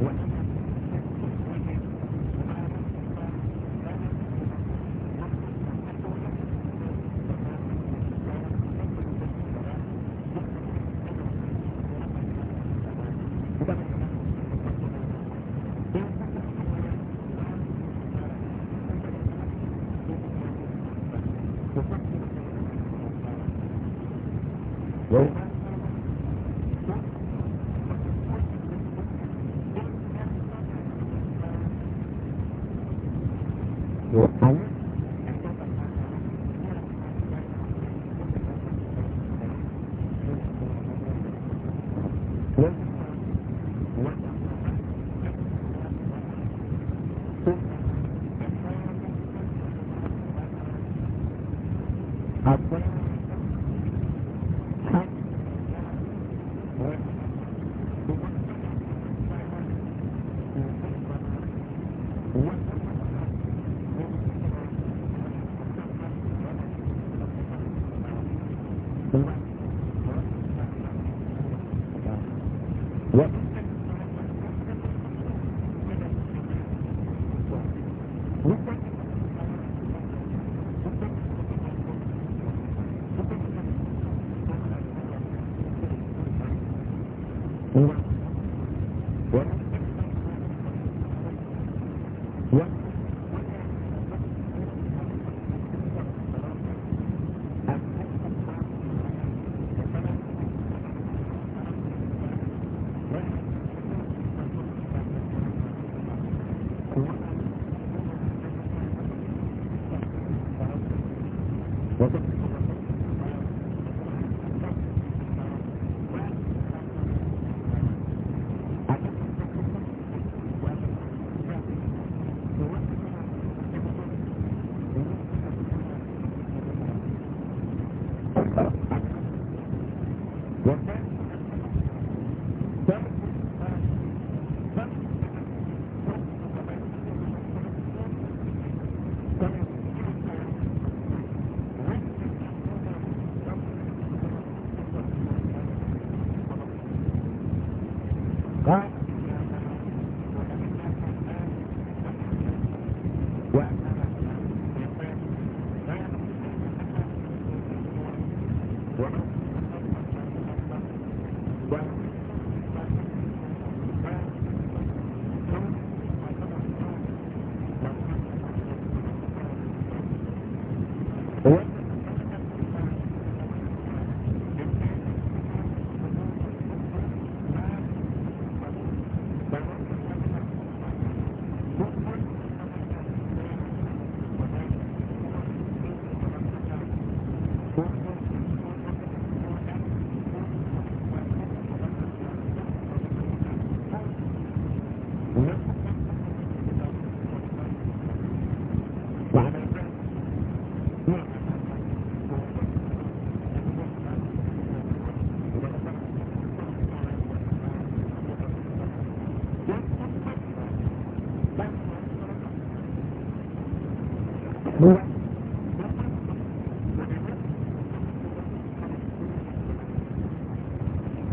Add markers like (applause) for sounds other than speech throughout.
What? What's up?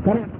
Correct.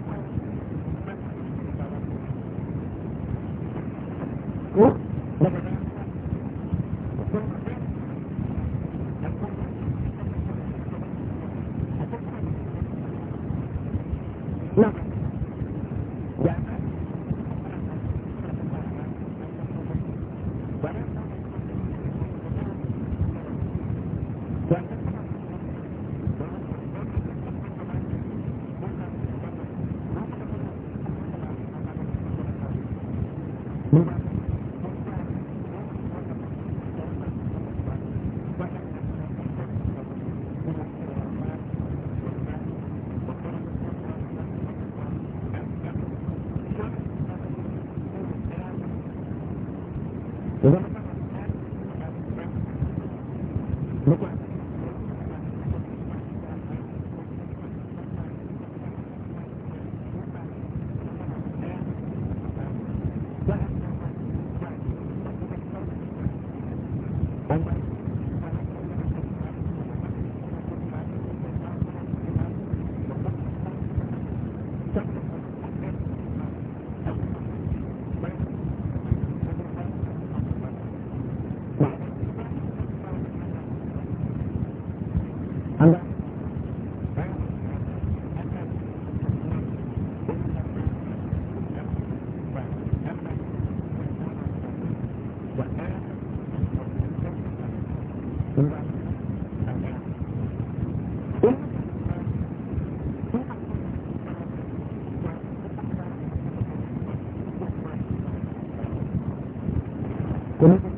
kò ní.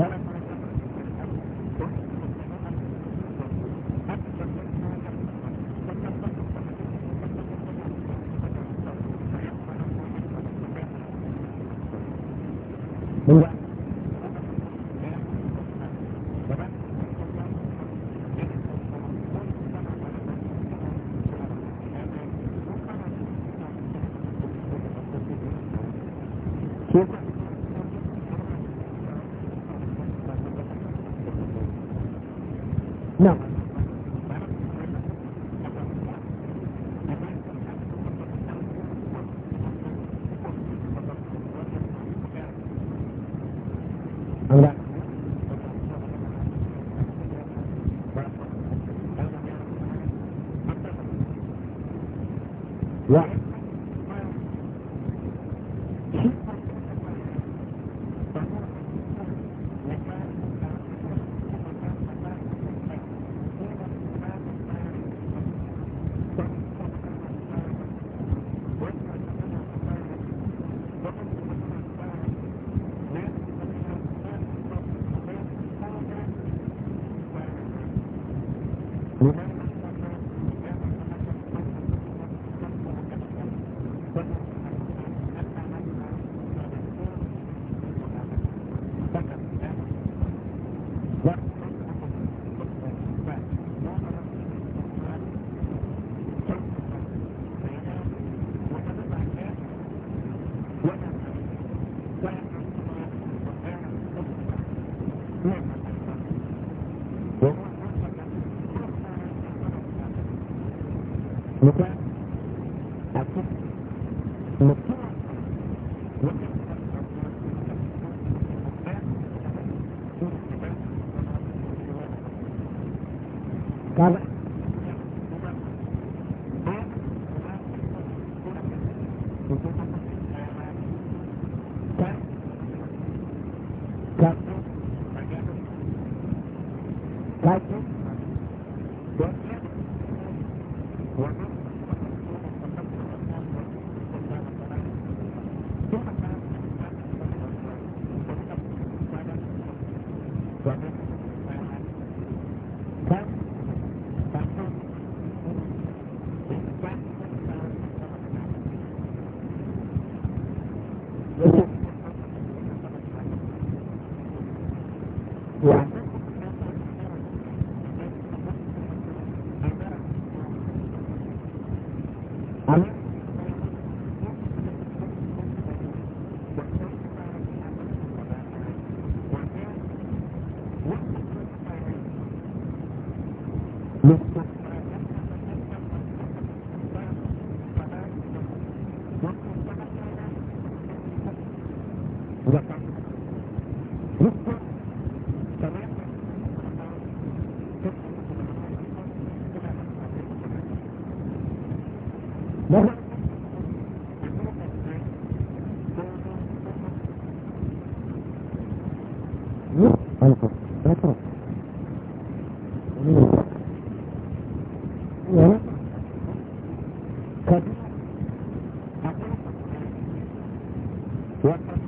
Bye. No é? What?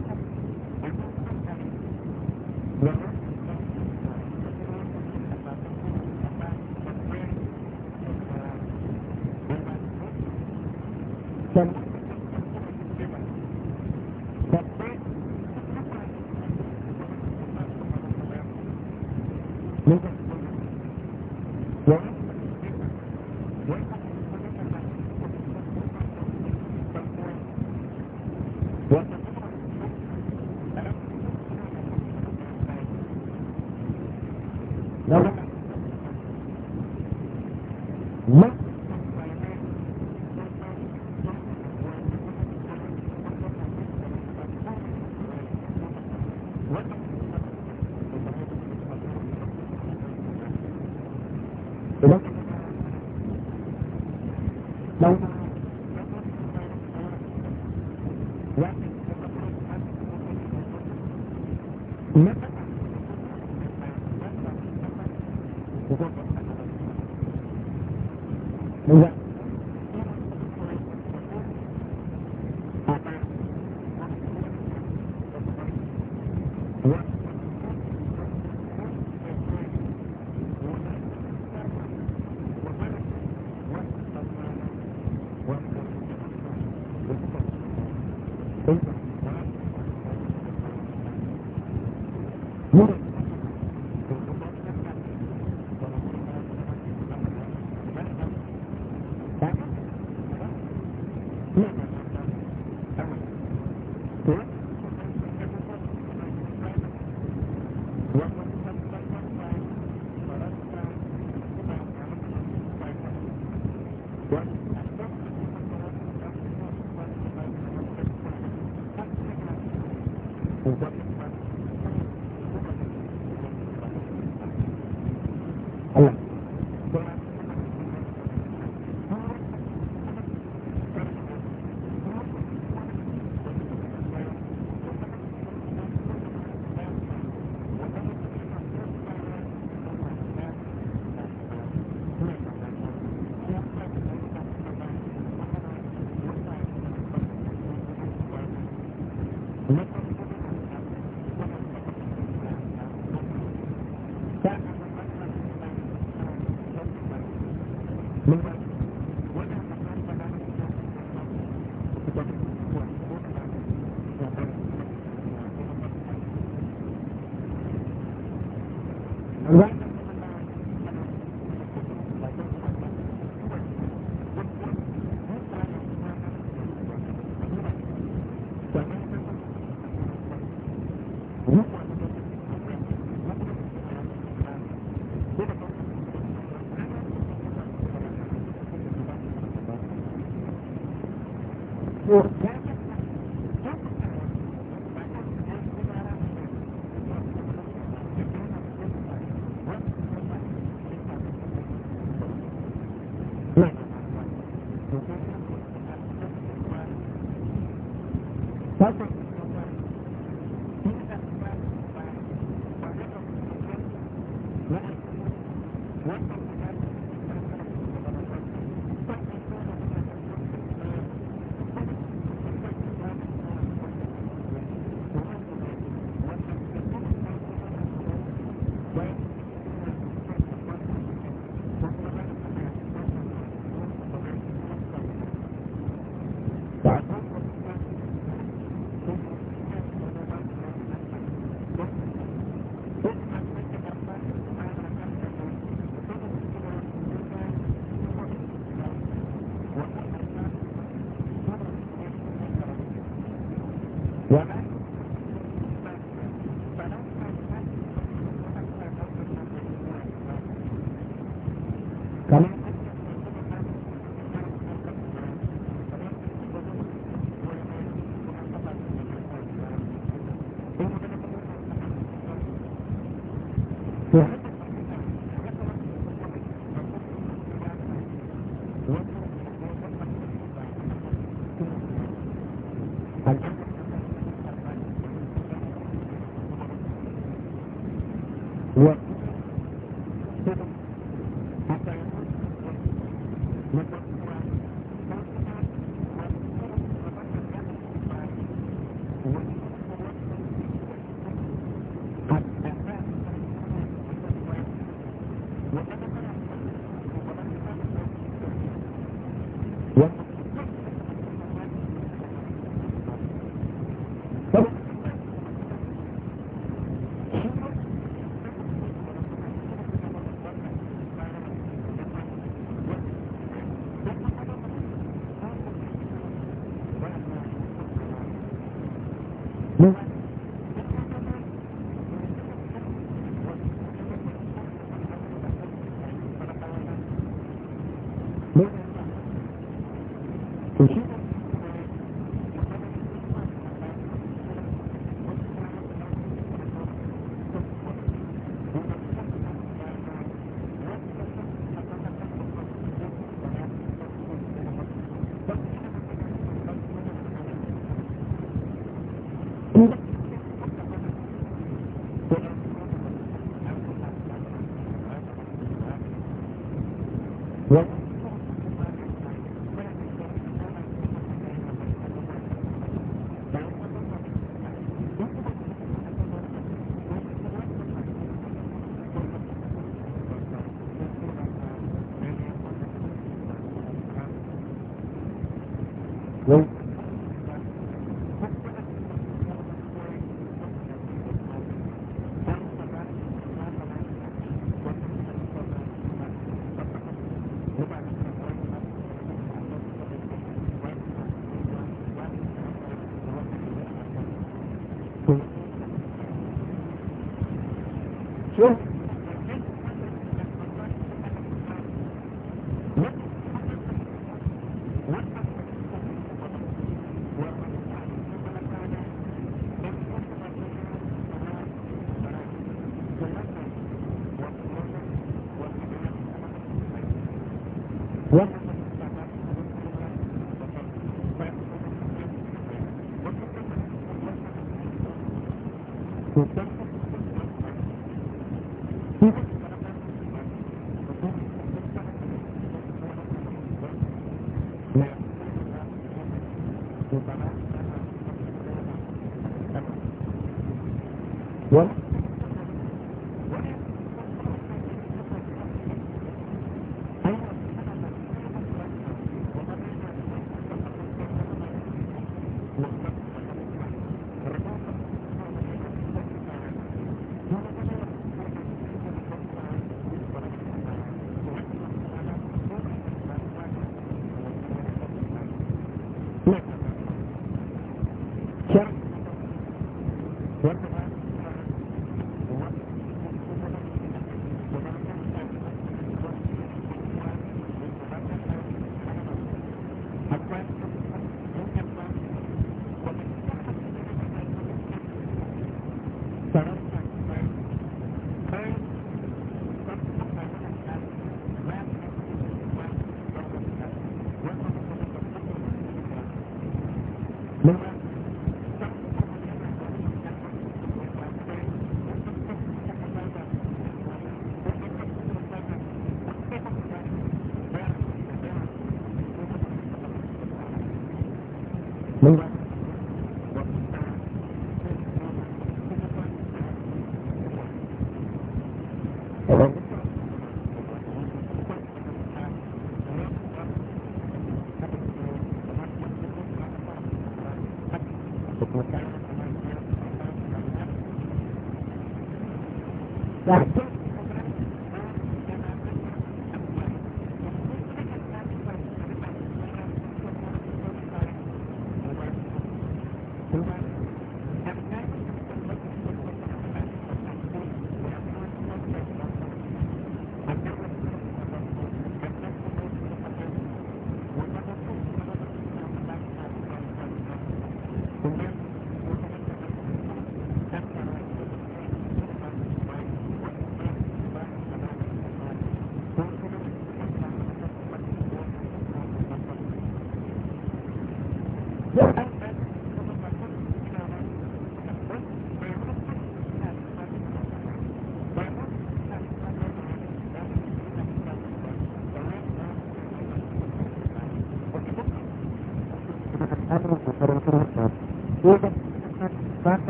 Yeah.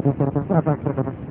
Thank you.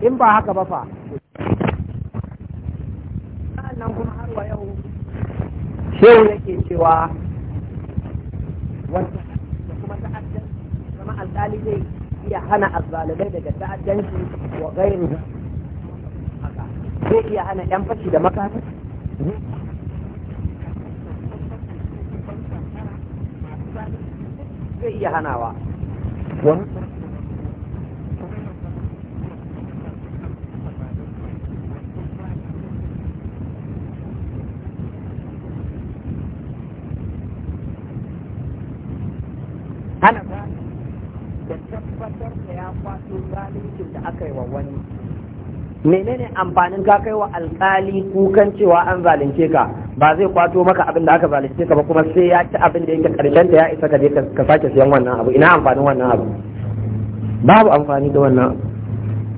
in ba haka ba fa nan kuma har wa yau shehu yake cewa wanda kuma ta'addan kuma alƙali zai iya hana azzalibai daga ta'addanci wa gairi zai iya hana yan fashi da makami zai iya hanawa menene amfanin ka kai wa alkali kukan cewa an zalunce ka ba zai kwato maka abin da aka zalunce ka ba kuma sai ya ci abin da yake karshen ta ya isa ka je ka sake siyan wannan abu ina amfanin wannan abu babu amfani da wannan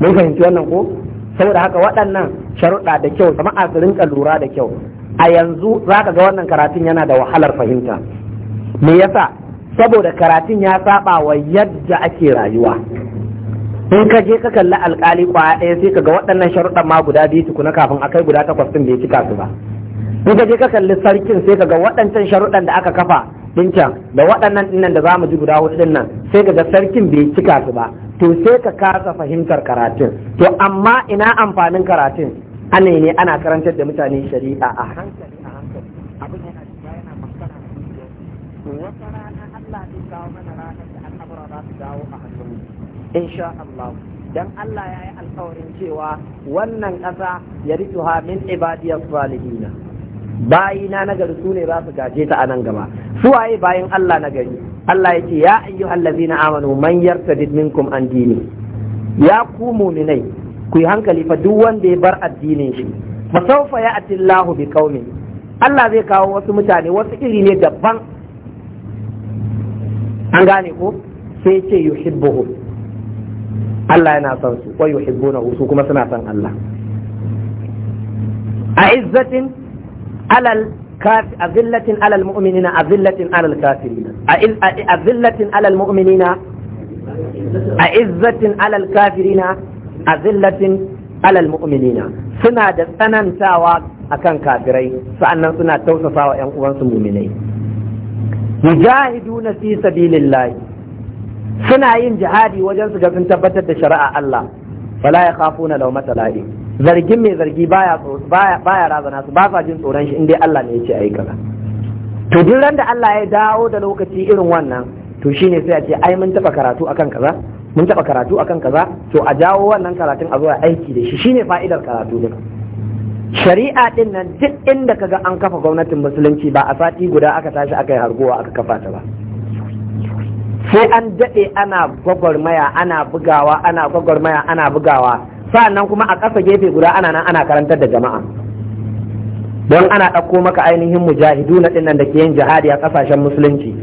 mun fahimci wannan ko saboda haka waɗannan sharuɗa da kyau jama'a su rinka lura da kyau a yanzu zaka ga wannan karatun yana da wahalar fahimta me yasa saboda karatun ya saba wa yadda ake rayuwa in ka je ka kalli alkali kwaya ɗaya sai ka ga waɗannan sharuɗan ma guda biyu tukuna kafin a kai guda takwas ɗin bai cika su ba in ka je ka kalli sarkin sai ka ga waɗancan sharuɗan da aka kafa ɗin can da waɗannan ɗinnan da za mu ji guda hudu ɗin nan sai ka ga sarkin bai cika su ba to sai ka kasa fahimtar karatun to amma ina amfanin karatun ana ne ana karantar da mutane shari'a a hankali insha Allah dan Allah ya yi alkawarin cewa wannan ƙasa ya rituha min ibadiyas salihina bayina na gari su ne za su gaje ta a nan gaba su waye bayin Allah na gari Allah ya ce ya ayyuhal ladzina amanu man yartadid minkum an dini ya ku mu'minai ku yi hankali fa duk wanda ya bar addinin shi fa sawfa ya'ti Allahu bi qaumin Allah zai kawo wasu mutane wasu iri ne daban an gane ko sai ce yuhibbuhum Allah yana son su wa yuhibbuna su kuma suna son Allah a izzatin alal alal mu'minina alal alal mu'minina alal kafirina azillatin alal mu'minina suna da tsanantawa akan kafirai sa'annan suna tausasawa yan uwansu mu'minai yujahiduna fi sabilillahi suna yin jihadi wajen su ga sun tabbatar da shari'a Allah wala ya na lauma matala'i zargin mai zargi baya baya razana su ba sa jin tsoron shi indai Allah ne ya ce ayi kaza to duk ran da Allah ya dawo da lokaci irin wannan to shine sai a ce ai mun taba karatu akan kaza mun taba karatu akan kaza to a jawo wannan karatun a zuwa aiki da shi shine fa'idar karatu duka shari'a din nan duk inda kaga an kafa gwamnatin musulunci ba a sati guda aka tashi aka yi harguwa aka kafa ta ba sai an daɗe ana gwagwarmaya ana bugawa ana gwagwarmaya ana bugawa sa'annan kuma a ƙasa gefe guda ana nan ana karantar da jama'a don ana ɗauko maka ainihin mujahidu na ɗinnan da ke yin jihadi a ƙasashen musulunci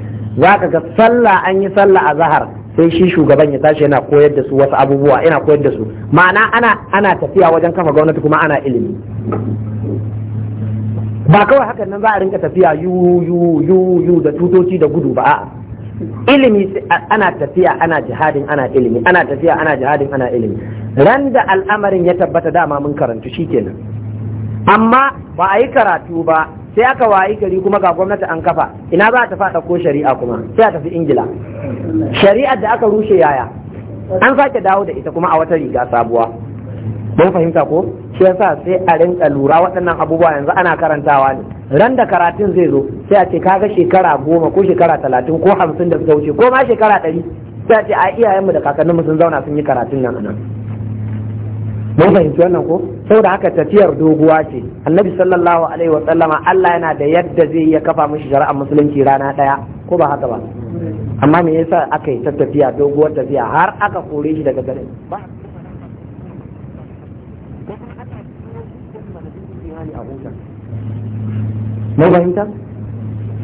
za ka ga sallah an yi sallah a zahar sai shi shugaban ya tashi yana koyar da su wasu abubuwa yana koyar da su ma'ana ana ana tafiya wajen kafa gwamnati kuma ana ilimi ba kawai hakan nan za a rinka tafiya yu yu yu yu da tutoci da gudu ba a'a ilimi ana tafiya ana jihadin ana ilimi ana tafiya ana jihadin ana ilimi ran da al'amarin ya tabbata dama mun karantu kenan. amma ba a yi karatu ba sai aka wayi gari kuma ga gwamnati an kafa ina za ta faɗa ko shari'a kuma sai a tafi ingila shari'ar da aka rushe yaya an sake dawo da ita kuma a wata riga sabuwa mun fahimta ko shi yasa sai a rinka lura waɗannan abubuwa yanzu ana karantawa ne ran da karatun zai zo sai a ce kaga shekara goma ko shekara talatin ko hamsin da suka wuce ko ma shekara ɗari sai a ce a iyayenmu da kakanninmu sun zauna sun yi karatun nan anan mun fahimci wannan ko saboda haka tafiyar doguwa ce annabi sallallahu alaihi wa sallama Allah yana da yadda zai iya kafa mishi shari'ar musulunci rana ɗaya ko ba haka ba amma me yasa aka yi ta tafiya doguwar tafiya har aka kore shi daga gare ba mun fahimta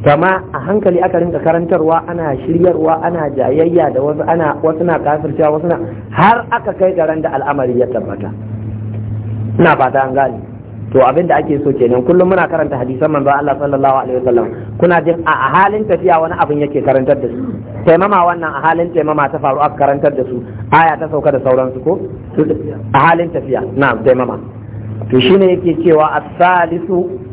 kama a hankali aka rinka karantarwa ana shiryarwa ana jayayya da wasu ana wasu na kafircewa wasu na har aka kai garan da al'amari ya tabbata ina fata an gane to abin da ake so kenan kullum muna karanta hadisan manzo Allah sallallahu alaihi wasallam kuna jin a halin tafiya wani abin yake karantar da su taimama wannan a halin taimama ta faru aka karantar da su aya ta sauka da sauransu ko a halin tafiya na taimama to shine yake cewa as-salisu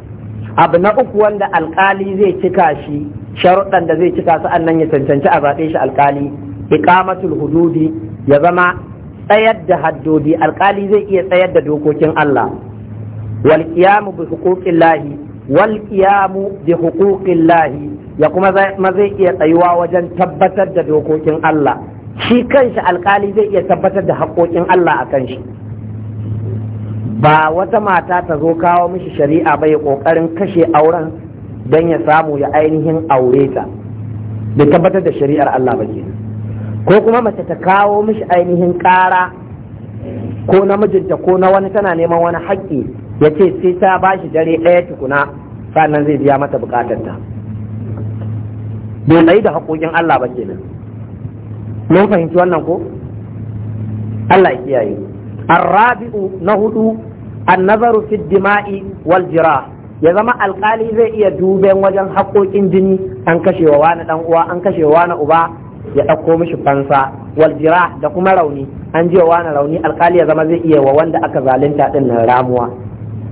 abu na uku wanda alkali zai cika shi sharuɗan da zai cika sa'an nan ya cancanci a zaɓe shi alkali iqamatul hududi ya zama tsayar da haddodi alkali zai iya tsayar da dokokin Allah wal qiyamu bi huquqillahi wal qiyamu bi huquqillahi ya kuma zai iya tsayuwa wajen tabbatar da dokokin Allah shi kanshi alkali zai iya tabbatar da haƙoƙin Allah a kanshi shi ba wata mata ta zo kawo mishi shari'a ba ya kokarin kashe auren don ya samu ya ainihin aure ta bai tabbatar da shari'ar Allah ba kenan ko kuma mace ta kawo mishi ainihin kara ko na mijinta ko na wani tana neman wani haƙƙi ya ce sai ta ba shi dare ɗaya tukuna sannan zai biya mata buƙatarta bai tsayi da haƙoƙin Allah ba kenan mun fahimci wannan ko Allah ya kiyaye Al-Rabi'u na hudu annazaru fi dima'i wal jirah ya zama alkali zai iya duben wajen haƙoƙin jini an kashewa wani dan uwa an kashewa wani uba ya ɗauko mishi fansa wal jirah da kuma rauni an jiwa wani rauni alkali ya zama zai iya wa wanda aka zalunta din nan ramuwa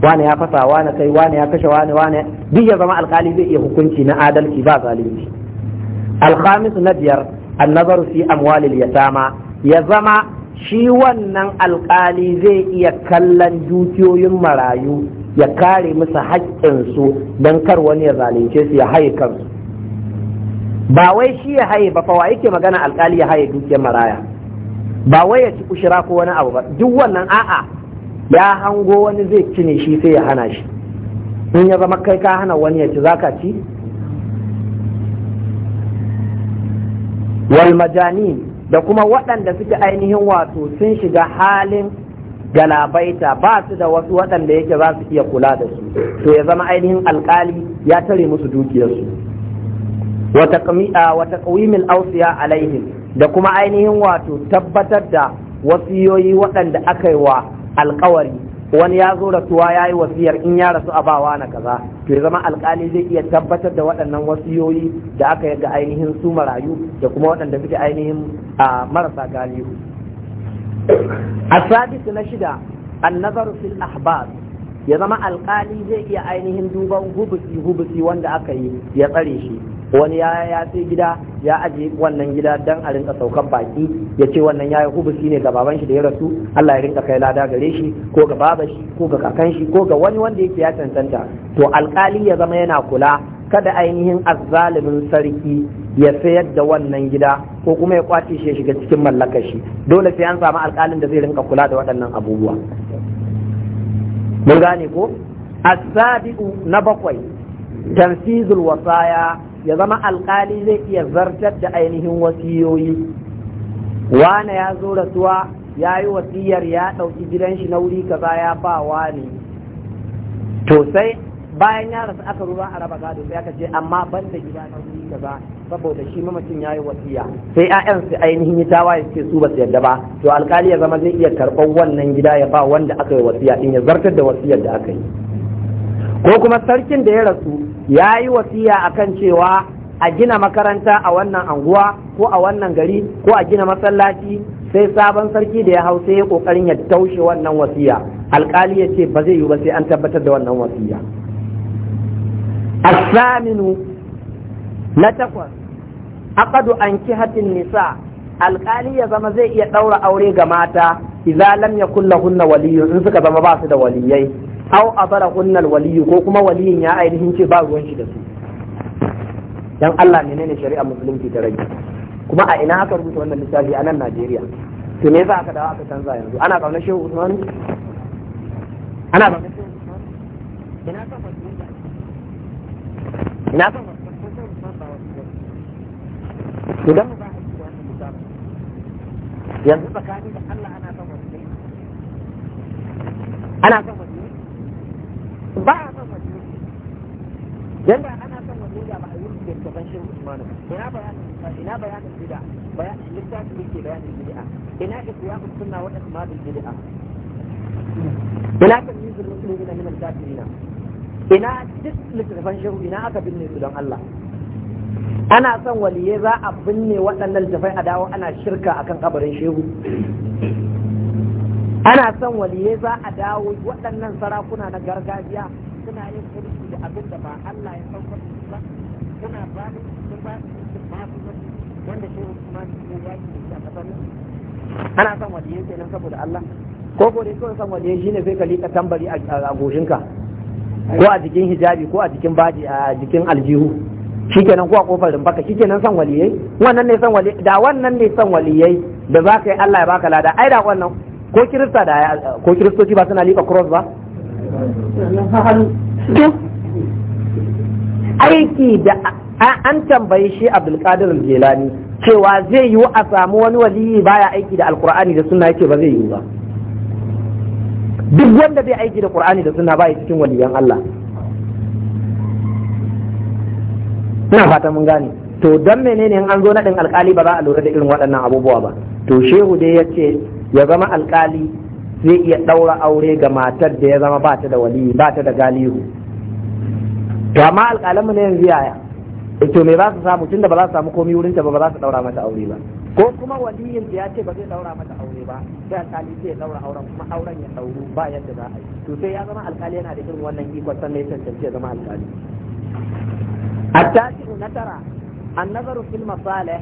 wani ya fasa wani kai wani ya kashe wani wani duk ya zama alkali zai iya hukunci na adalci ba zalunci alkhamis na biyar annazaru fi amwalil yatama ya zama shi wannan alkali zai iya kallon dukiyoyin marayu ya kare musu haƙƙinsu don kar wani ya zalunce su ya haye kansu ba wai shi ya haye ba fawa yake magana alkali ya haye dukiyar maraya ba wai ya ci kushira ko wani abu ba duk wannan a'a ya hango wani zai cine shi sai ya hana shi in ya zama kai ka hana wani ya ci zaka ci wal majanin da kuma waɗanda suke ainihin wato sun shiga halin galabaita ba su da wasu waɗanda yake za su iya kula da su to ya zama ainihin alkali ya tare musu dukiyarsu wa ausiya awsiya alaihim da kuma ainihin wato tabbatar da wasiyoyi waɗanda aka yi wa alkawari wani ya zo rasuwa ya yi wasiyar in ya rasu a bawa na kaza to ya zama alkali zai iya tabbatar da waɗannan wasiyoyi da aka yadda ainihin su marayu da kuma waɗanda suke ainihin a marasa galihu a sabis na shida annazaru fil ahbab ya zama alkali zai iya ainihin duban hubusi hubusi wanda aka yi ya tsare shi wani ya ya sai gida ya aje wannan gida dan a rinka saukan baki ya ce wannan ya yi hubusi ne ga baban shi da ya rasu Allah ya rinka kai lada gare shi ko ga baba shi ko ga kakan shi ko ga wani wanda yake ya cancanta to alkali ya zama yana kula kada ainihin azzalimin sarki ya sayar da wannan gida ko kuma ya kwace shi ya shiga cikin mallakar shi dole sai an samu alkalin da zai rinka kula da waɗannan abubuwa mun gane ko asabi'u na bakwai tanfizul wasaya ya zama alkali zai iya zartar da ainihin wasiyoyi wane ya zo rasuwa ya yi wasiyar ya ɗauki gidan shi na wuri kaza ya ba wani. to sai bayan ya rasu aka ruwa a raba gado sai aka ce amma ban da gida na wuri kaza saboda shi mamacin ya yi wasiya sai 'ya'yan su ainihin yi ya suke su ba su yadda ba to alkali ya zama zai iya karɓar wannan gida ya ba wanda aka yi wasiya in ya zartar da wasiyar da aka yi ko kuma sarkin da ya rasu ya yi wasiya akan cewa a gina makaranta a wannan anguwa ko a wannan gari ko a gina masallaci sai sabon sarki da ya hau sai ya kokarin ya taushe wannan wasiya alkali ya ce ba zai yi ba sai an tabbatar da wannan wasiya asaminu na takwas aqadu an kihatin nisa alkali ya zama zai iya ɗaura aure ga mata idan lam yakul lahunna waliyyun in suka zama ba su da waliyai au a bara hunnal waliyu ko kuma waliyin ya ainihin ce ba ruwan shi da su dan Allah ne shari'a musulunci ta rage kuma a ina aka rubuta wannan misali a nan Najeriya to me yasa aka dawo aka canza yanzu ana kauna Shehu Usman ana kauna Shehu Usman ina kan ina kan to dan yanzu tsakani da Allah ana kan ana kan ba a son wani dan da ana son wani da ba a yi da gaban shi Usman ina bayanin ina bayanin bid'a bayanin littafin da ke bayanin bid'a ina ikhya sunna wa asma'ul bid'a ina yi tamyizul muslimina min al-kafirin ina duk littafan shehu ina aka binne su don Allah ana son waliye za a binne waɗannan littafai a dawo ana shirka akan kabarin shehu ana son waliyai za a dawo waɗannan sarakuna na gargajiya suna yin kurki da abin da ba Allah ya san kwanci ba suna ba ni sun ba su su ba su ba wanda shi Usman ne ya yi da kasar ana son waliyai kenan saboda Allah ko ko dai kawai son waliyai shine sai ka lika tambari a goshinka ko a jikin hijabi ko a jikin baji a jikin aljihu shikenan ko a kofar rumfaka shikenan son waliyai wannan ne son waliyai da wannan ne son waliyai da za ka yi Allah ya baka lada ai da wannan ko kirista da ko kiristoci ba suna liƙa cross ba aiki da an tambayi shi abdulkadir jelani cewa zai yiwu a samu wani waliyi baya aiki da alkur'ani da sunna yake ba zai yiwu ba duk wanda bai aiki da qur'ani da sunna baya cikin waliyan Allah ina fata mun gane to dan menene in an zo naɗin alkali ba za a lura da irin waɗannan abubuwa ba to shehu dai yace ya zama alkali zai iya ɗaura aure ga matar da ya zama ba ta da wali ba ta da galihu to amma mu ne yanzu yaya eh, to me za su samu tunda ba za su samu komi wurin ta ba ba za su ɗaura mata aure ba ko kuma waliyin ya ce ba zai ɗaura mata aure ba sai alƙali zai ɗaura auren kuma auren ya ɗauru ba yadda za a yi to sai ya zama alƙali yana da irin wannan ikon sannan ya cancanci ya zama alƙali na tara النظر في المصالح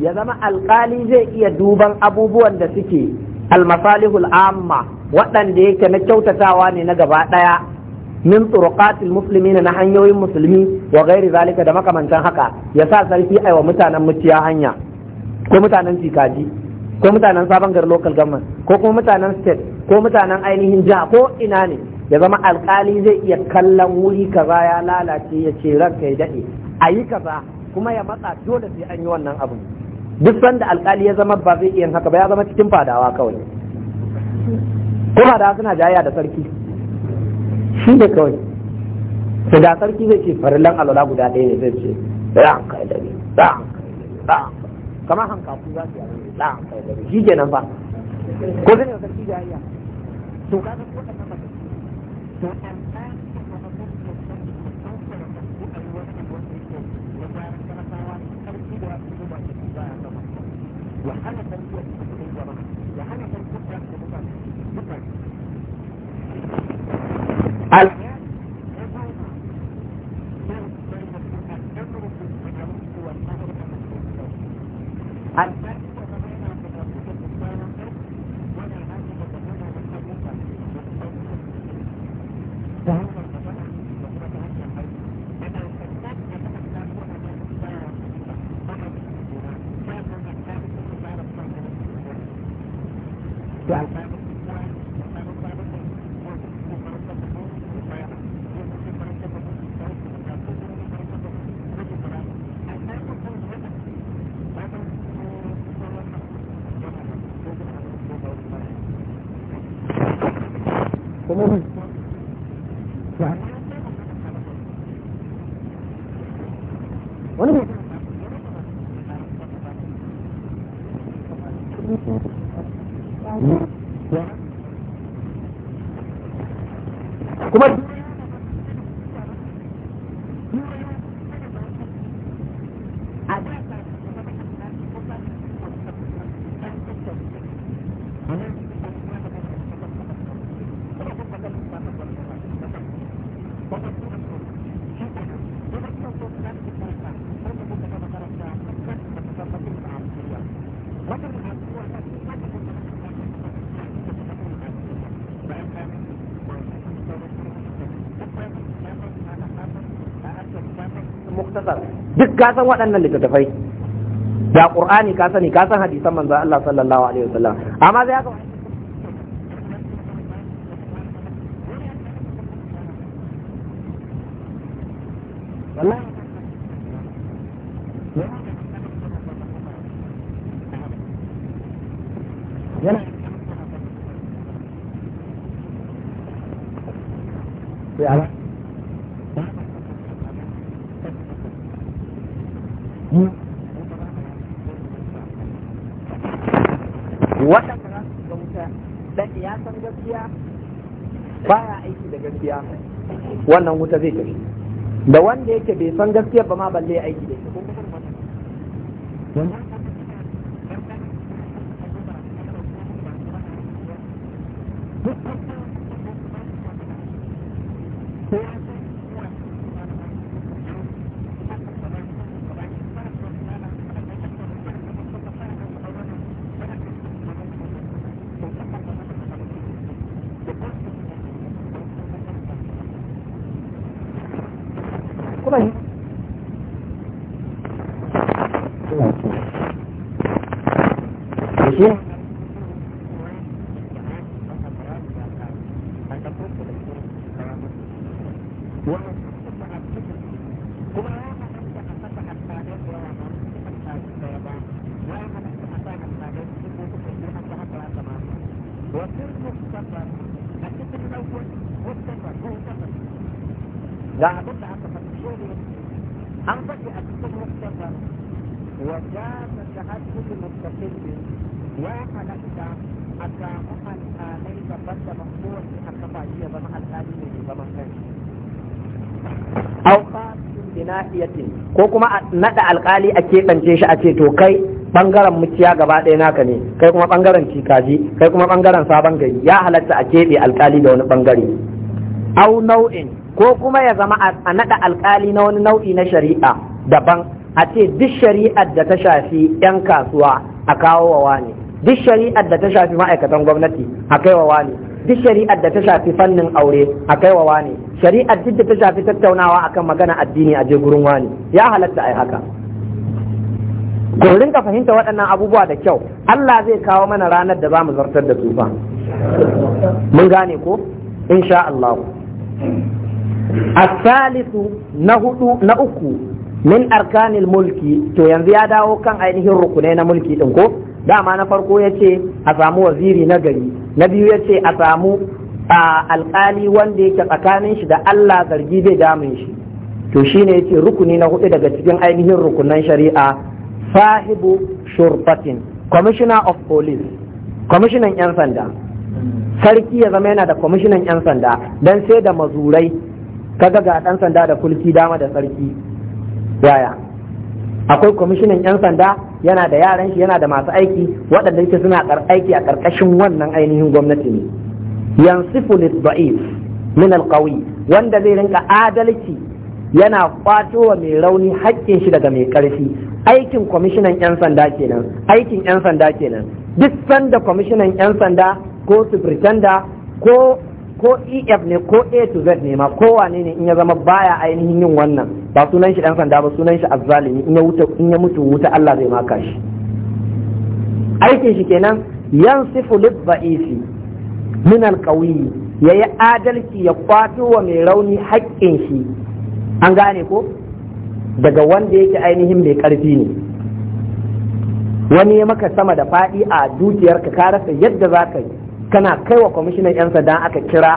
ya zama alkali zai iya duban abubuwan da suke almasalihul amma waɗanda yake na kyautatawa ne na gaba ɗaya min turuqatil muslimina na hanyoyin musulmi wa gairi zalika da makamantan haka ya sa sarki wa mutanen muciya hanya ko mutanen cikaji ko mutanen sabon gar local government ko kuma mutanen state ko mutanen ainihin jiha ko ina ne ya zama alkali zai iya kallon wuri kaza ya lalace ya ce ranka ya daɗe a yi kaza kuma ya matsa dole sai an yi wannan abu duk sanda alkali ya zama ba zai iya haka ba ya zama cikin fadawa kawai ko fadawa suna jayya da sarki shi ne kawai to da sarki zai ce farillan alwala guda ɗaya ne zai ce ran kai da ni kai da ni. kamar hankafu za su yi ran kai da ni shi ke nan ba ko zai ne sarki jayya to ka san ko annan ba to ya hana tarbiyya da kudin gaba ya hana tarbiyya da mutane mutane Black duk ka san waɗannan littattafai da ƙurani ka sani ka san hadisan manzon Allah sallallahu alaihi wasallam amma zai aka gaskiya baya aiki da gaskiya wannan wuta zai tafi da wanda yake bai san gaskiya ba ma balle aiki da ita ko kuma a naɗa alkali a keɓance shi a ce to kai bangaren muciya gaba ɗaya naka ne kai kuma ɓangaren cikaji kai kuma bangaren sabon gari ya halatta a keɓe alkali da wani ɓangare. au nau'in ko kuma ya zama a naɗa alkali na wani nau'i na shari'a daban a ce duk shari'ar da ta shafi 'yan kasuwa a kawo wa wani duk shari'ar da ta shafi ma'aikatan gwamnati a kai wa wani duk shari'ar da ta shafi fannin aure a kai wa wani shari'ar duk da ta shafi tattaunawa akan magana addini a je gurin wani ya halatta ai haka ku rinka fahimta waɗannan abubuwa da kyau Allah zai kawo mana ranar da za mu zartar da su fa mun gane ko insha Allah asalisu na hudu na uku min arkanil mulki to yanzu ya dawo kan ainihin rukunai na mulki din ko dama na farko ya ce a samu waziri na gari na biyu ya ce a samu alkali wanda yake tsakanin shi da Allah zargi bai damun shi to shine ya ce rukuni na hudu daga cikin ainihin rukunan shari'a sahibu shurfatin commissioner of police commissioner 'yan sanda sarki ya zama yana da commissioner 'yan sanda don sai da mazurai kaga ga dan sanda da kulki dama da sarki yaya akwai kwamishinan 'yan sanda yana da yaran shi yana da masu aiki waɗanda yake suna aiki a ƙarƙashin wannan ainihin gwamnati ne yansifu ba'is, min alqawi wanda zai rinka adalci yana kwato wa mai rauni haƙƙin shi daga mai ƙarfi aikin kwamishinan 'yan sanda kenan aikin 'yan sanda kenan duk sanda kwamishinan 'yan sanda ko subritanda ko ko ef ne ko a to z ne ma kowane ne in ya zama baya ainihin yin wannan ba sunan shi dan sanda ba sunan shi azzalimi in ya wuta in ya mutu wuta Allah zai maka shi aikin shi kenan yansifu lidhaifi min alqawi yayi adalci ya kwato wa mai rauni haƙƙin shi an gane ko daga wanda yake ainihin mai ƙarfi ne wani ya maka sama da faɗi a dukiyarka ka rasa yadda za ka yi kana kaiwa kwamishinan 'yan sanda aka kira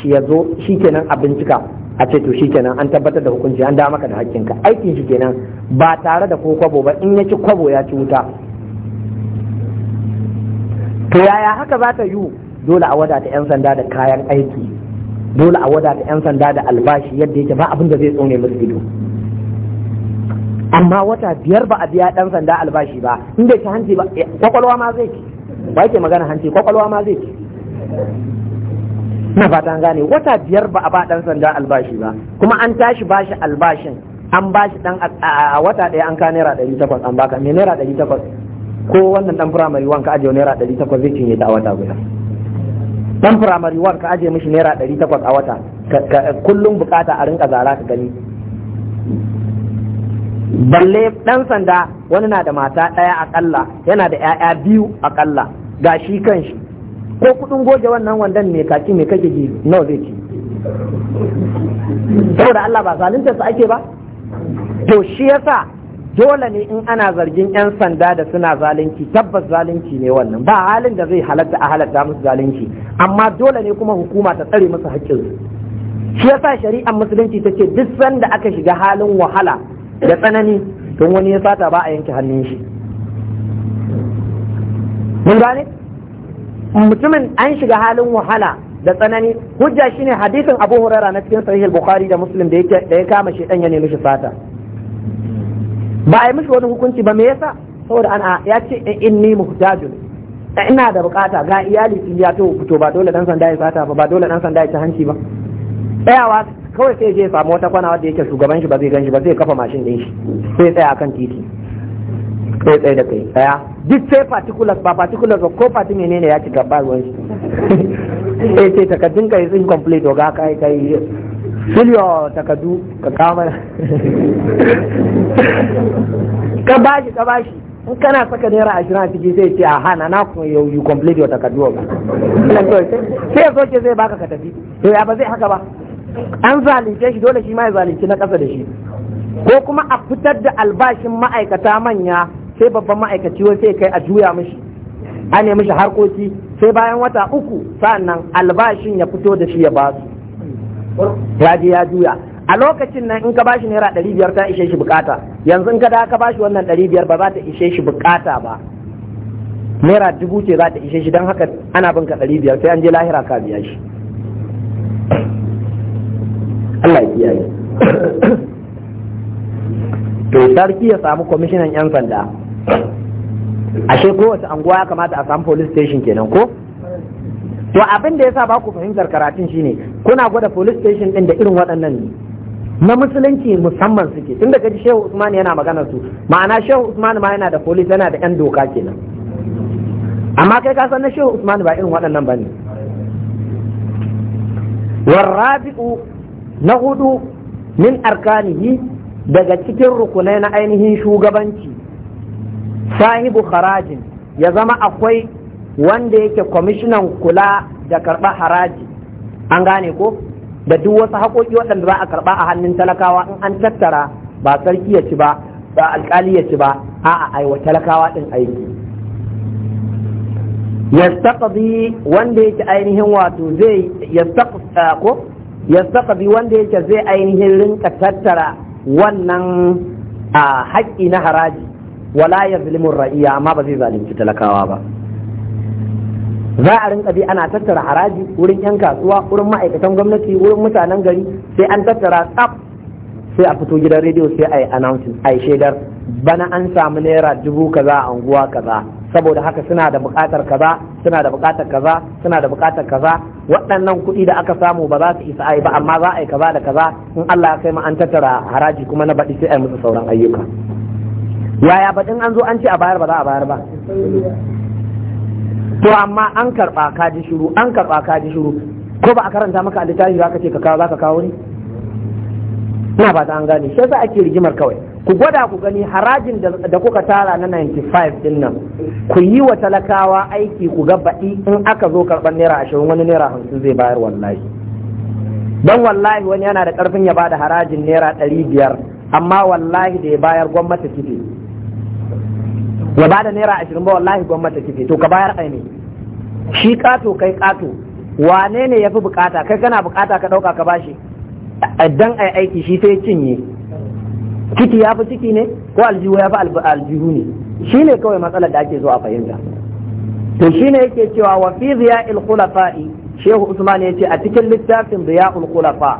shi ya zo shi kenan a bincika a ce to shikenan an tabbatar da hukunci an da maka da hakkinka aikin shi kenan ba tare da ko kwabo ba in ya ci kwabo ya ci wuta to yaya haka za ta yi dole a wadata 'yan sanda da kayan aiki dole a wadata 'yan sanda da albashi yadda yake ba abin da zai tsone musu ido amma wata biyar ba a biya dan sanda albashi ba inda bai ci hanci ba eh, kwakwalwa ma zai ci ba yake magana hanci kwakwalwa ma zai ci na fatan gane wata biyar ba a ba dan sanda albashi ba kuma an tashi bashi albashin an bashi dan a wata daya an ka naira 800 takwas an baka me naira 800 takwas ko wannan dan firamare ka ajiye naira 800 takwas zai cinye ta a wata guda dan firamare ka ajiye mishi naira 800 takwas a wata kullum bukata a rinka zara ka gani balle dan sanda wani na da mata ɗaya akalla yana da 'ya'ya biyu akalla ga shi kanshi ko kudin goge wannan wandan mai kaci mai kake ji nawa zai ci saboda Allah ba zalunta su ake ba to shi yasa dole ne in ana zargin 'yan sanda da suna zalunci tabbas zalunci ne wannan ba halin da zai halatta a halatta musu zalunci amma dole ne kuma hukuma ta tsare musu haƙƙinsu shi yasa shari'ar musulunci ta ce duk sanda aka shiga halin wahala da tsanani don wani ya sata ba a yanke hannun shi mun gane mutumin an shiga halin wahala da tsanani hujja shine hadisin Abu Huraira na cikin sahih Bukhari da Muslim da yake da ya kama shi dan ya nemi shi fata ba a yi mishi wani hukunci ba me yasa saboda ana ya ce eh, inni muhtajun eh, ina da bukata ga iyali sun ya to fito ba dole dan sanda ya fata ba ba dole dan sanda ya ci hanci ba tsayawa kawai sai je samu wata kwana wanda yake shugaban shi ba zai gan shi ba zai kafa mashin din shi sai tsaya kan titi kai tsaye da kai tsaya duk sai particulars ba particulars ba ko parti menene ya ci gaba ruwan shi (laughs) eh, sai ce takaddun kai sun complete ga kai kai silyo takaddu ka kama ka bashi ka (laughs) bashi in kana saka naira ashirin a ciki sai ce a hana na kuma yau you complete your takaddu ba sai ya soke zai baka ka tafi to ya ba zai haka ba an zalunce shi dole shi ma ya zalunci na kasa da shi ko kuma a fitar da albashin ma'aikata manya sai babban ma'aikaci wai sai kai a juya mishi a ne mishi harkoki sai bayan wata uku sa'annan albashin ya fito da shi ya ba su ya je ya juya a lokacin nan in ka bashi naira ɗari biyar ta ishe shi bukata yanzu in ka da ka bashi wannan ɗari biyar ba za ta ishe shi bukata ba naira dubu ce za ta ishe shi don haka ana bin ka ɗari biyar sai an je lahira ka biya shi Allah ya kiyaye (coughs) to sarki ya samu kwamishinan 'yan sanda ashe kowace anguwa ya kamata a samu police station kenan ko to abin da yasa ba ku fahimtar karatun shine kuna gwada police station din da irin waɗannan ne na musulunci musamman suke tunda kaji shehu usman yana magana su ma'ana shehu usman ma yana da police yana da yan doka kenan amma kai ka san na shehu usman ba irin waɗannan bane warabi'u na hudu min arkanihi daga cikin rukunai na ainihin shugabanci sahibu harajin ya zama akwai wanda yake kwamishinan kula da karɓar haraji an gane ko da duk wasu haƙoƙi waɗanda za a karɓa a hannun talakawa in an tattara ba sarki ya ci ba ba alƙali ya ci ba a'a aiwa talakawa ɗin aiki yastaqdi wanda yake ainihin wato zai eh, ko yastaqdi wanda yake zai ainihin rinka tattara wannan a ah, haƙƙi na haraji wala ya zulmin ra'iya amma ba zai zalunci talakawa ba za a rinka bi ana tattara haraji wurin yan kasuwa wurin ma'aikatan gwamnati wurin mutanen gari sai an tattara tsaf sai a fito gidan rediyo sai a yi announcing a yi shaidar bana an samu naira dubu kaza a unguwa kaza saboda haka suna da buƙatar kaza suna da bukatar kaza suna da bukatar kaza waɗannan kuɗi da aka samu ba za su isa a yi ba amma za a yi kaza da kaza in Allah ya kai mu an tattara haraji kuma na baɗi sai a yi musu sauran ayyuka yaya baɗin an zo an ce a bayar ba za a bayar ba to amma an karɓa ka ji shiru an karɓa ka ji shiru ko ba a karanta maka a littafi za ka ce ka kawo za ka kawo ne ina ba ta an gane shi yasa ake rigimar kawai ku gwada ku gani harajin da kuka tara na 95 din nan ku yi wa talakawa aiki ku ga baɗi in aka zo karɓar naira ashirin wani naira hamsin zai bayar wallahi don wallahi wani yana da ƙarfin ya bada harajin naira ɗari biyar amma wallahi da ya bayar gwamnati kife ya ba da naira ashirin ba wallahi gwamnati kife to ka bayar aini shi kato kai kato wane ne ya fi bukata kai kana bukata ka dauka ka bashi dan ai aiki shi sai cinye ciki ya fi ciki ne ko aljihu ya fi aljihu ne shi ne kawai matsalar da ake zo a fahimta to shi ne yake cewa wa fi ziya'il khulafa'i shehu usman ya ce a cikin littafin ziya'ul khulafa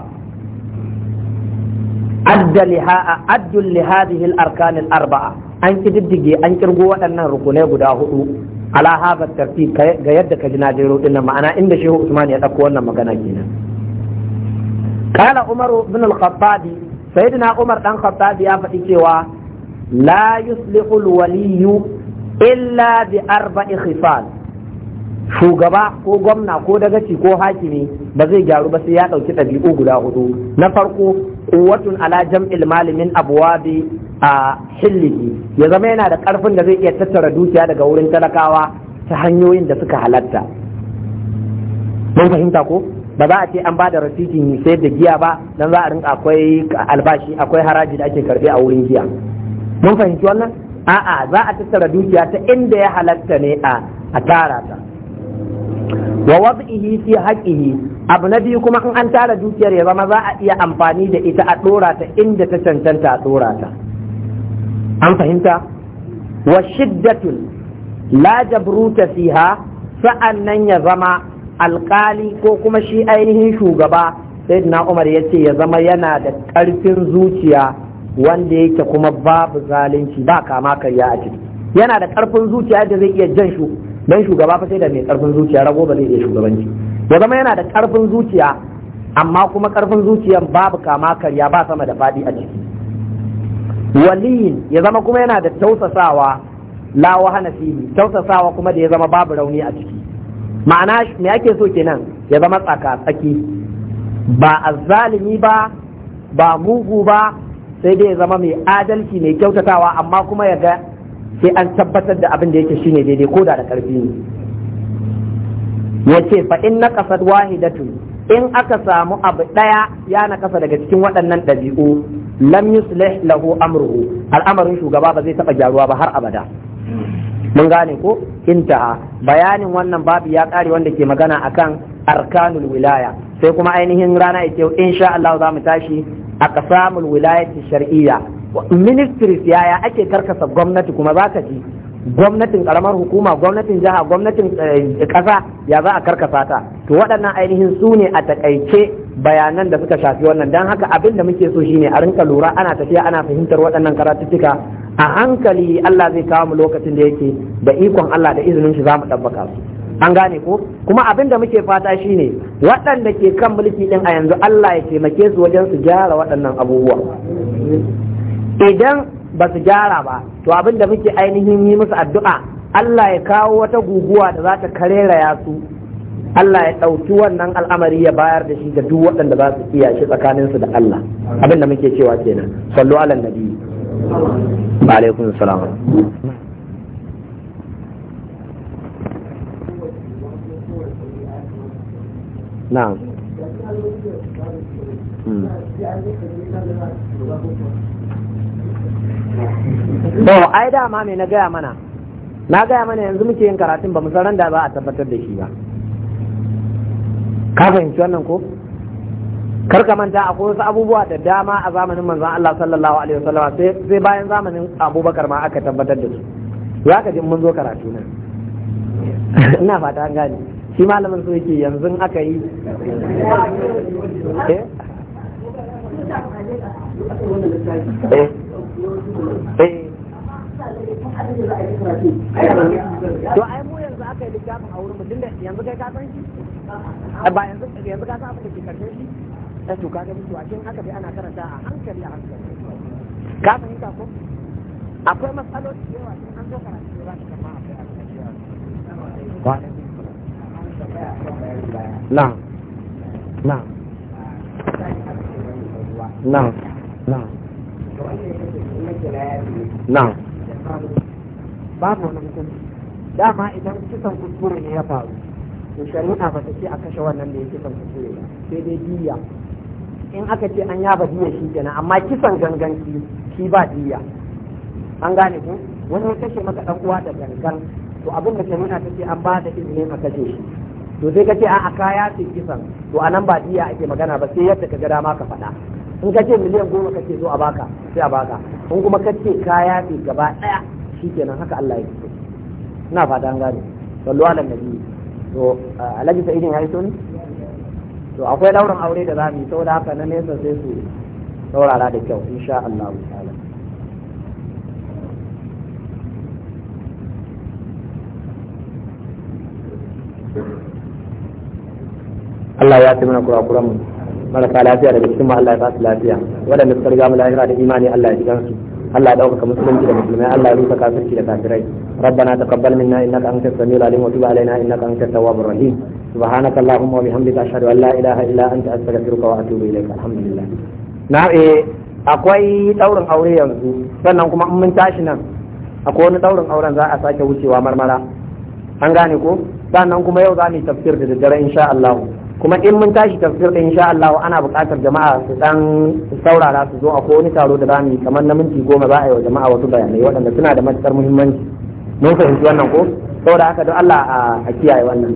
adda liha addul li hadhihi al arkan al arba'a an kididdige an kirgo waɗannan rukunai guda hudu ala haza tarti ga yadda ka ji na jero din nan ma'ana inda shehu usman ya dauko wannan magana kenan qala Umar ibn al-khattab sayyidina umar dan khattab ya faɗi cewa la yuslihu al-waliyu illa bi arba'i khifal shugaba ko gwamna ko dagaci ko hakimi ba zai gyaru ba sai ya ɗauki ɗabi'u guda hudu na farko quwwatun ala jam'il malimin abwabi a hillihi ya zama yana da ƙarfin da zai iya tattara dukiya daga wurin talakawa ta hanyoyin da suka halatta mun fahimta ko ba za a ce an ba da rasitin sayar da giya ba dan za a rinka akwai albashi akwai haraji da ake karbe a wurin giya mun fahimci wannan a'a za a tattara dukiya ta inda ya halatta ne a a tara ta wa wad'ihi fi haqqihi abu na biyu kuma in an tara dukiyar ya zama za a iya amfani da ita a dora ta inda ta cancanta a dora ta an fahimta wa shiddatun la jabruta fiha nan ya zama alkali ko kuma shi ainihin shugaba sai umar ya ce ya zama yana da ƙarfin zuciya wanda yake kuma babu zalunci ba kama karya a ciki yana da ƙarfin zuciya da zai iya jan shu dan shugaba fa sai da mai ƙarfin zuciya rago ba zai iya shugabanci ya zama yana da ƙarfin zuciya amma kuma ƙarfin zuciyan babu kama karya ba sama da faɗi a ciki waliyin ya zama kuma yana da tausasawa la wahana fihi tausasawa kuma da ya zama babu rauni a ciki ma'ana me ake so kenan ya zama tsaka tsaki ba azzalimi ba ba mugu ba sai dai ya zama mai adalci mai kyautatawa amma kuma ya ga sai an tabbatar da abin da yake shine daidai ko da da karfi ne yace fa in naqasat wahidatu in aka samu abu daya ya nakasa daga cikin waɗannan ɗabi'u lam yuslih lahu amruhu al'amarin shugaba ba zai taba gyaruwa ba har abada mun gane ko intaha bayanin wannan babu ya kare wanda ke magana akan arkanul wilaya sai kuma ainihin rana ita in insha Allah za mu tashi a kasamul wilayati shar'iyya ministries yaya ake karkasa gwamnati kuma za ji gwamnatin karamar hukuma gwamnatin jiha gwamnatin kasa eh, ya za a karkasa ta to waɗannan ainihin su ne a takaice bayanan da suka shafi wannan Don haka abin da muke so shine a rinka lura ana tafiya ana fahimtar waɗannan karatuttuka a hankali Allah zai kawo mu lokacin da yake da ikon Allah da izinin shi za mu tabbaka su an gane ko kuma abin da muke fata shine waɗanda ke kan mulki ɗin a yanzu Allah ya taimake su wajen su gyara waɗannan abubuwa idan ba su gyara ba to abin da muke ainihin yi musu addu'a Allah ya kawo wata guguwa da za ta karera su Allah ya ɗauki wannan al'amari ya bayar da shi ga duk waɗanda za su iya shi tsakaninsu da Allah abin da muke cewa kenan sallu ala nabi alaikum salam na'am hmm. to ai ma me na gaya mana na gaya mana yanzu muke yin karatun ba mu san da ba a tabbatar da shi ba ka fahimci wannan ko kar ka manta akwai wasu abubuwa da dama a zamanin manzon Allah sallallahu alaihi wasallam sai bayan zamanin Abubakar ma aka tabbatar da su ya ka ji mun zo karatu nan ina fata an gane shi malamin so yake yanzu aka yi eh eh to ai mu yanzu aka yi littafin a wurin mu da yanzu kai ka san shi ba yanzu yanzu ka san abin da ke shi ta eh to ka a cikin haka dai ana karanta a hankali a hankali ka fahimta ko akwai matsaloli da yawa an zo karatu kama faru mu wani hukunci dama idan kisan kuskure ne ya faru to shari'a ba ta ce a kashe wannan da ya kisan kuskure ba sai dai diya in aka ce an yaba diya shi kenan amma kisan gangan shi shi ba diya an gane ku wani ya kashe maka dan uwa da gangan to abin da shari'a ta ce an ba da izini a kashe shi to sai ka ce a kaya ce kisan to anan ba diya ake magana ba sai yadda ka ga dama ka faɗa in ka ce miliyan goma kake so a baka sai a baka in kuma ka ce kaya ne gaba daya shikenan haka Allah ya so ina fata an gane sallu ala nabi to alhaji sai ya yi ne to akwai daurin aure da zamu yi saboda haka na nesa sai su saurara da kyau insha Allah ta'ala Allah ya taimaka kurakuran mu marasa lafiya daga cikin Allah ya ba su lafiya waɗanda suka riga mu lahira da imani Allah ya ji gansu Allah ya dauka musulunci da musulmai Allah ya rusa kafirci da kafirai ربنا تقبل منا انك انت السميع العليم وتب علينا انك انت التواب الرحيم سبحانك اللهم وبحمدك اشهد ان لا اله الا انت استغفرك واتوب اليك الحمد لله نعم eh akwai daurin aure yanzu sannan kuma in mun tashi nan akwai wani daurin auren za a sake wucewa marmara an gane ko sannan kuma yau za mu tafsir da daddare insha Allah kuma in mun tashi tafsir din insha Allah ana buƙatar jama'a su dan saurara su zo a ko wani taro da za mu yi kamar na minti goma za a yi wa jama'a wasu bayanai waɗanda suna da matuƙar muhimmanci mun fahimci wannan ko saboda haka don Allah a kiyaye wannan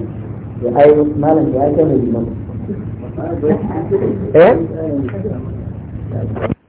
ya ai malam ya kai mu eh